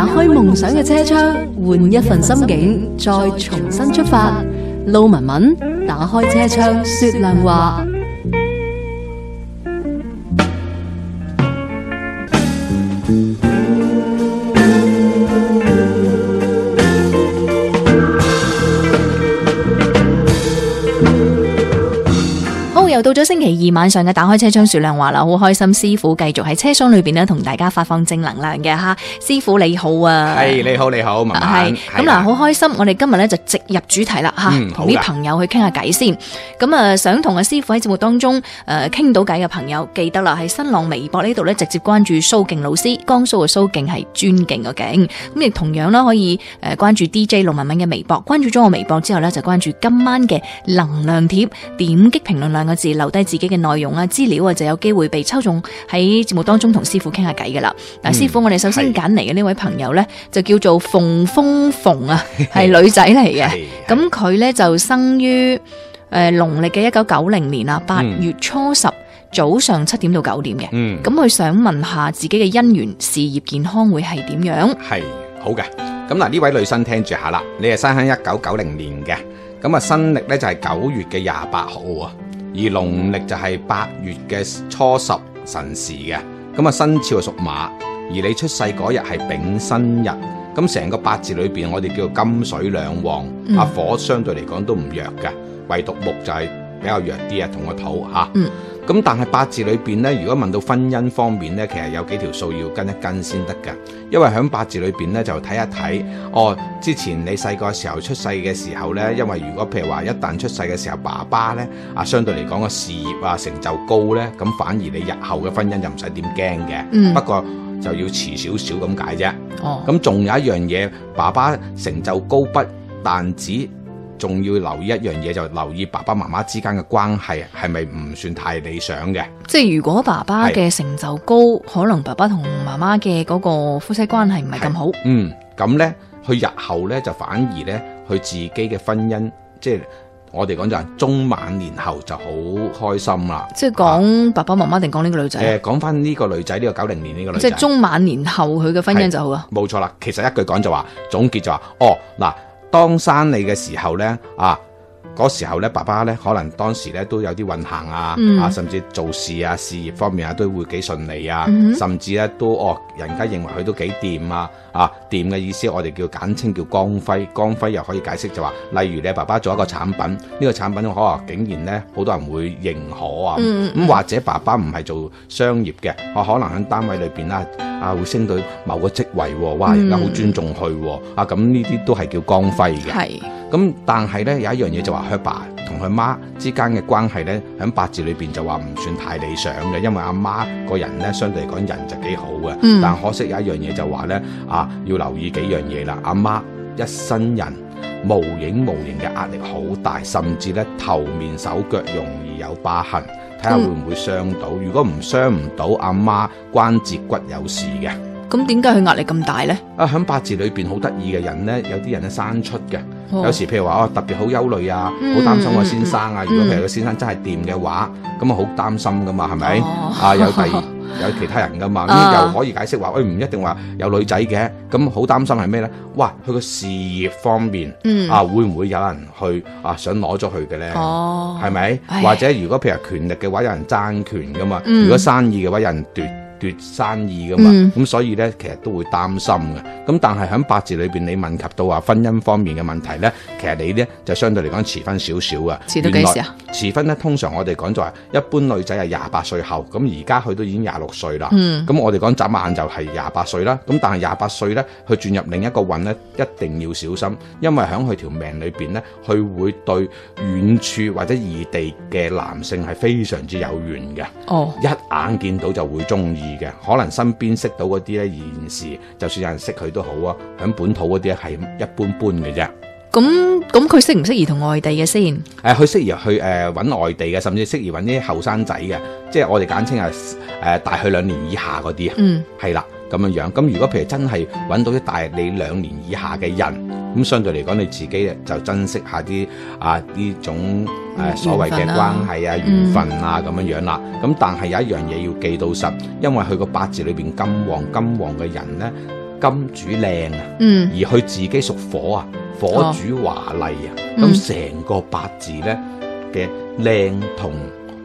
打開夢想嘅車窗，換一份心境，再重新出發。路文文，打開車窗，說亮話。到咗星期二晚上嘅，打開車窗，說亮話啦，好開心，師傅繼續喺車廂裏邊咧，同大家發放正能量嘅吓、啊、師傅你好啊，係你好你好，文文係咁嗱，好、啊啊、開心，我哋今日咧就直入主題啦吓，同、啊、啲、嗯、朋友去傾下偈先，咁啊想同阿師傅喺節目當中誒傾、呃、到偈嘅朋友，記得啦，喺新浪微博呢度咧直接關注蘇敬老師，江蘇嘅蘇敬係尊敬嘅敬，咁亦同樣啦，可以誒關注 DJ 陸文文嘅微博，關注咗我微博之後咧就關注今晚嘅能量貼，點擊評論兩個字。留低自己嘅內容啊，資料啊就有機會被抽中喺節目當中同師傅傾下偈噶啦。嗱、嗯，師傅，我哋首先揀嚟嘅呢位朋友呢，就叫做馮峰馮啊，係 女仔嚟嘅。咁佢呢就生於誒、呃、農曆嘅一九九零年啊，八月初十早上七點到九點嘅。嗯，咁佢、嗯、想問下自己嘅姻緣、事業、健康會係點樣？係好嘅。咁嗱，呢位女生聽住下啦，你係生喺一九九零年嘅，咁啊，新曆呢就係九月嘅廿八號啊。而農曆就係八月嘅初十辰時，嘅咁啊，生肖屬馬，而你出世嗰日係丙申日，咁成個八字裏面我哋叫金水兩旺，嗯、火相對嚟講都唔弱嘅，唯獨木就係比較弱啲啊，同個土咁但係八字裏邊咧，如果問到婚姻方面咧，其實有幾條數要跟一跟先得噶。因為喺八字裏邊咧，就睇一睇哦，之前你細個時候出世嘅時候咧，因為如果譬如話一旦出世嘅時候，爸爸咧啊相對嚟講個事業啊成就高咧，咁反而你日後嘅婚姻就唔使點驚嘅。不過就要遲少少咁解啫。哦，咁，嗯，仲有一樣嘢，爸爸成就高不但止。仲要留意一樣嘢，就留意爸爸媽媽之間嘅關係係咪唔算太理想嘅？即係如果爸爸嘅成就高，可能爸爸同媽媽嘅嗰個夫妻關係唔係咁好。嗯，咁呢，佢日後呢，就反而呢，佢自己嘅婚姻，即係我哋講就係中晚年後就好開心啦。即係講爸爸媽媽定講呢個女仔？誒、啊，講翻呢個女仔，呢個九零年呢個女仔，即係中晚年後佢嘅婚姻就好啦。冇錯啦，其實一句講就話，總結就話，哦嗱。當生你嘅時候咧，啊！嗰時候咧，爸爸咧可能當時咧都有啲運行啊，嗯、啊甚至做事啊、事業方面啊都會幾順利啊，嗯、甚至咧都哦，人家認為佢都幾掂啊，啊掂嘅意思，我哋叫簡稱叫光輝。光輝又可以解釋就話，例如你爸爸做一個產品，呢、呢個產品可能竟然咧好多人會認可啊，咁、嗯嗯、或者爸爸唔係做商業嘅，我、啊、可能喺單位裏面啦，啊會升到某個職位、啊，哇，人家好尊重佢、啊嗯，啊咁呢啲都係叫光輝嘅。嗯。咁但係咧有一樣嘢就話佢爸同佢媽之間嘅關係咧喺八字裏邊就話唔算太理想嘅，因為阿媽，媽個人咧相對嚟講人就幾好嘅、嗯，但可惜有一樣嘢就話咧啊要留意幾樣嘢啦，阿媽，媽一生人無影無形嘅壓力好大，甚至咧頭面手腳容易有疤痕，睇下會唔會傷到，嗯、如果唔傷唔到，阿媽，媽關節骨有事嘅。咁點解佢壓力咁大咧？啊，響八字裏邊好得意嘅人咧，有啲人咧生出嘅，oh. 有時譬如話特別好憂慮啊，好、mm. 擔心我先生啊，mm. 如果譬如個先生真係掂嘅話，咁啊好擔心噶嘛，係咪？Oh. 啊，又第有其他人噶嘛，呢、oh. 又可以解釋話，喂、oh. 哎，唔一定話有女仔嘅，咁好擔心係咩咧？哇，佢個事業方面，mm. 啊，會唔會有人去啊想攞咗佢嘅咧？係、oh. 咪？Oh. 或者如果譬如話權力嘅話，有人爭權噶嘛？Mm. 如果生意嘅話，有人奪。奪生意噶嘛，咁、嗯、所以咧，其實都會擔心嘅。咁但係喺八字裏邊，你問及到話婚姻方面嘅問題咧，其實你咧就相對嚟講遲婚少少呀。遲到幾時啊？遲婚咧，通常我哋講就係一般女仔係廿八歲後，咁而家佢都已經廿六歲啦。嗯，咁我哋講眨眼就係廿八歲啦。咁但係廿八歲咧，去轉入另一個運咧，一定要小心，因為喺佢條命裏邊咧，佢會對遠處或者異地嘅男性係非常之有緣嘅。哦，一眼見到就會中意。嘅可能身邊識到嗰啲咧，現時就算有人識佢都好啊，響本土嗰啲係一般般嘅啫。咁咁佢適唔適宜同外地嘅先？誒，佢適宜去誒揾、呃、外地嘅，甚至適宜揾啲後生仔嘅，即係我哋簡稱係誒、呃、大佢兩年以下嗰啲啊。嗯，係啦，咁樣樣。咁如果譬如真係揾到啲大你兩年以下嘅人。咁相對嚟講，你自己就珍惜下啲啊呢種誒所謂嘅關係啊、緣分啊咁、嗯、樣樣啦。咁但係有一樣嘢要記到實，因為佢、嗯哦嗯、個八字裏邊，金旺金旺嘅人咧，金主靚啊，而佢自己屬火啊，火主華麗啊。咁成個八字咧嘅靚同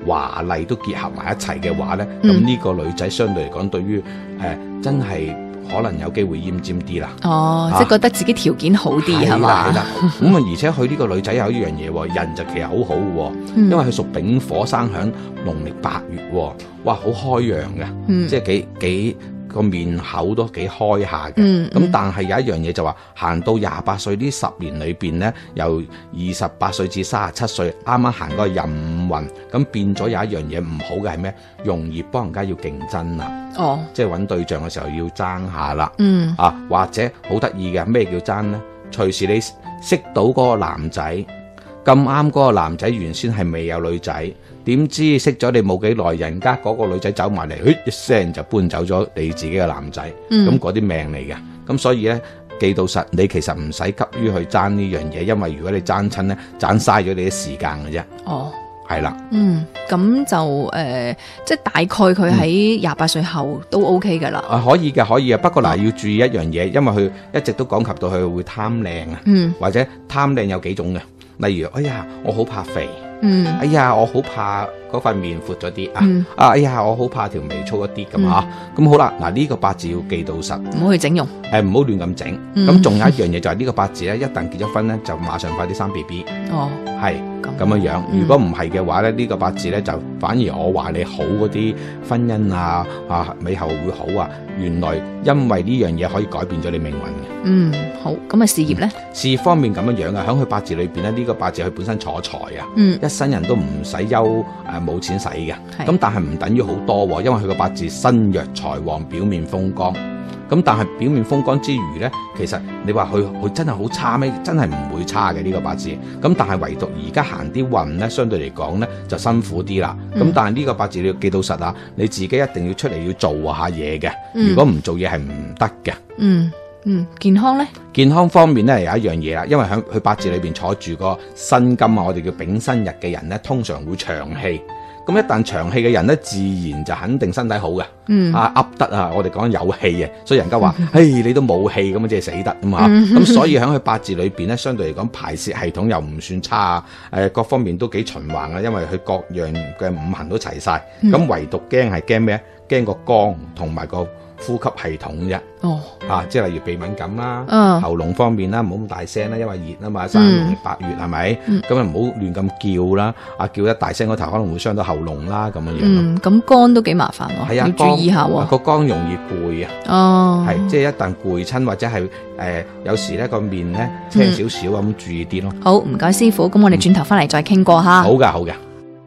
華麗都結合埋一齊嘅話咧，咁、嗯、呢個女仔相對嚟講，對於誒真係。可能有機會奄尖啲啦，哦，即係覺得自己條件好啲係嘛？係啦，咁啊， 而且佢呢個女仔有一樣嘢喎，人就其實好好、啊、喎、嗯，因為佢屬丙火生喺農曆八月、啊，哇，好開揚嘅、嗯，即係幾幾個面口都幾開下嘅。咁、嗯嗯、但係有一樣嘢就話行到廿八歲裡呢十年裏面咧，由二十八歲至三十七歲，啱啱行個任。咁變咗有一樣嘢唔好嘅係咩？容易幫人家要競爭啦，哦，即係揾對象嘅時候要爭下啦，嗯，啊或者好得意嘅咩叫爭呢？隨時你識到嗰個男仔，咁啱嗰個男仔原先係未有女仔，點知識咗你冇幾耐，人家嗰個女仔走埋嚟，誒一聲就搬走咗你自己嘅男仔，嗯，咁嗰啲命嚟嘅，咁所以呢記到實，你其實唔使急於去爭呢樣嘢，因為如果你爭親呢，盞嘥咗你啲時間嘅啫，哦。係啦，嗯，咁就誒、呃，即係大概佢喺廿八歲後都 OK 噶啦，啊，可以嘅，可以啊，不過嗱、嗯、要注意一樣嘢，因為佢一直都講及到佢會貪靚啊，嗯，或者貪靚有幾種嘅，例如，哎呀，我好怕肥。嗯，哎呀，我好怕嗰塊面闊咗啲啊，啊，哎呀，我好怕條眉粗一啲咁嗬，咁、嗯啊、好啦，嗱、啊、呢、呢個八字要記到實，唔好去整容，誒、啊，唔好亂咁整，咁、嗯、仲有一樣嘢就係、是、呢個八字咧，一旦結咗婚咧，就馬上快啲生 B B，哦，係咁樣樣，如果唔係嘅話咧，呢、呢個八字咧就反而我話你好嗰啲婚姻啊，啊，以後會好啊。原來因為呢樣嘢，可以改變咗你命運嘅。嗯，好咁啊，咁事業呢？事業方面咁樣樣啊，響佢八字裏邊咧，呢、呢個八字佢本身坐財啊，嗯，一生人都唔使憂誒冇錢使嘅。咁但係唔等於好多，因為佢個八字身弱財旺，表面風光。咁但係表面風光之餘呢，其實你話佢佢真係好差咩？真係唔會差嘅呢、呢個八字。咁但係唯獨而家行啲運呢，相對嚟講呢，就辛苦啲啦。咁、嗯、但係呢個八字你要記到實啊，你自己一定要出嚟要做下嘢嘅、嗯。如果唔做嘢係唔得嘅。嗯嗯，健康呢，健康方面呢，有一樣嘢啦，因為響佢八字裏邊坐住個辛金啊，我哋叫丙辛日嘅人呢，通常會長氣。咁一旦長氣嘅人咧，自然就肯定身體好嘅。嗯，啊噏得啊，我哋講有氣嘅，所以人家話，唉、嗯哎，你都冇氣咁啊，即係死得吖嘛。嗯。咁所以喺佢八字裏邊咧，相對嚟講排泄系統又唔算差啊。誒、呃，各方面都幾循環啊，因為佢各樣嘅五行都齊晒。咁、嗯、唯獨驚係驚咩咧？驚個光同埋個呼吸系統啫，吓，oh. 啊，即係例如鼻敏感啦，uh. 喉嚨方面啦，唔好咁大聲啦，因為熱啊嘛，mm. 三月八月係咪？咁啊唔好亂咁叫啦，啊叫得大聲嗰頭可能會傷到喉嚨啦，咁樣樣。嗯，咁肝都幾麻煩喎，係啊，啊注意下，啊。個、啊、肝容易攰啊，哦，係，即係一旦攰親或者係誒、呃，有時咧個面咧輕少少咁，一點 mm. 注意啲咯，啊。好，唔該師傅，咁我哋轉頭翻嚟再傾過吓，mm.。好嘅，好嘅。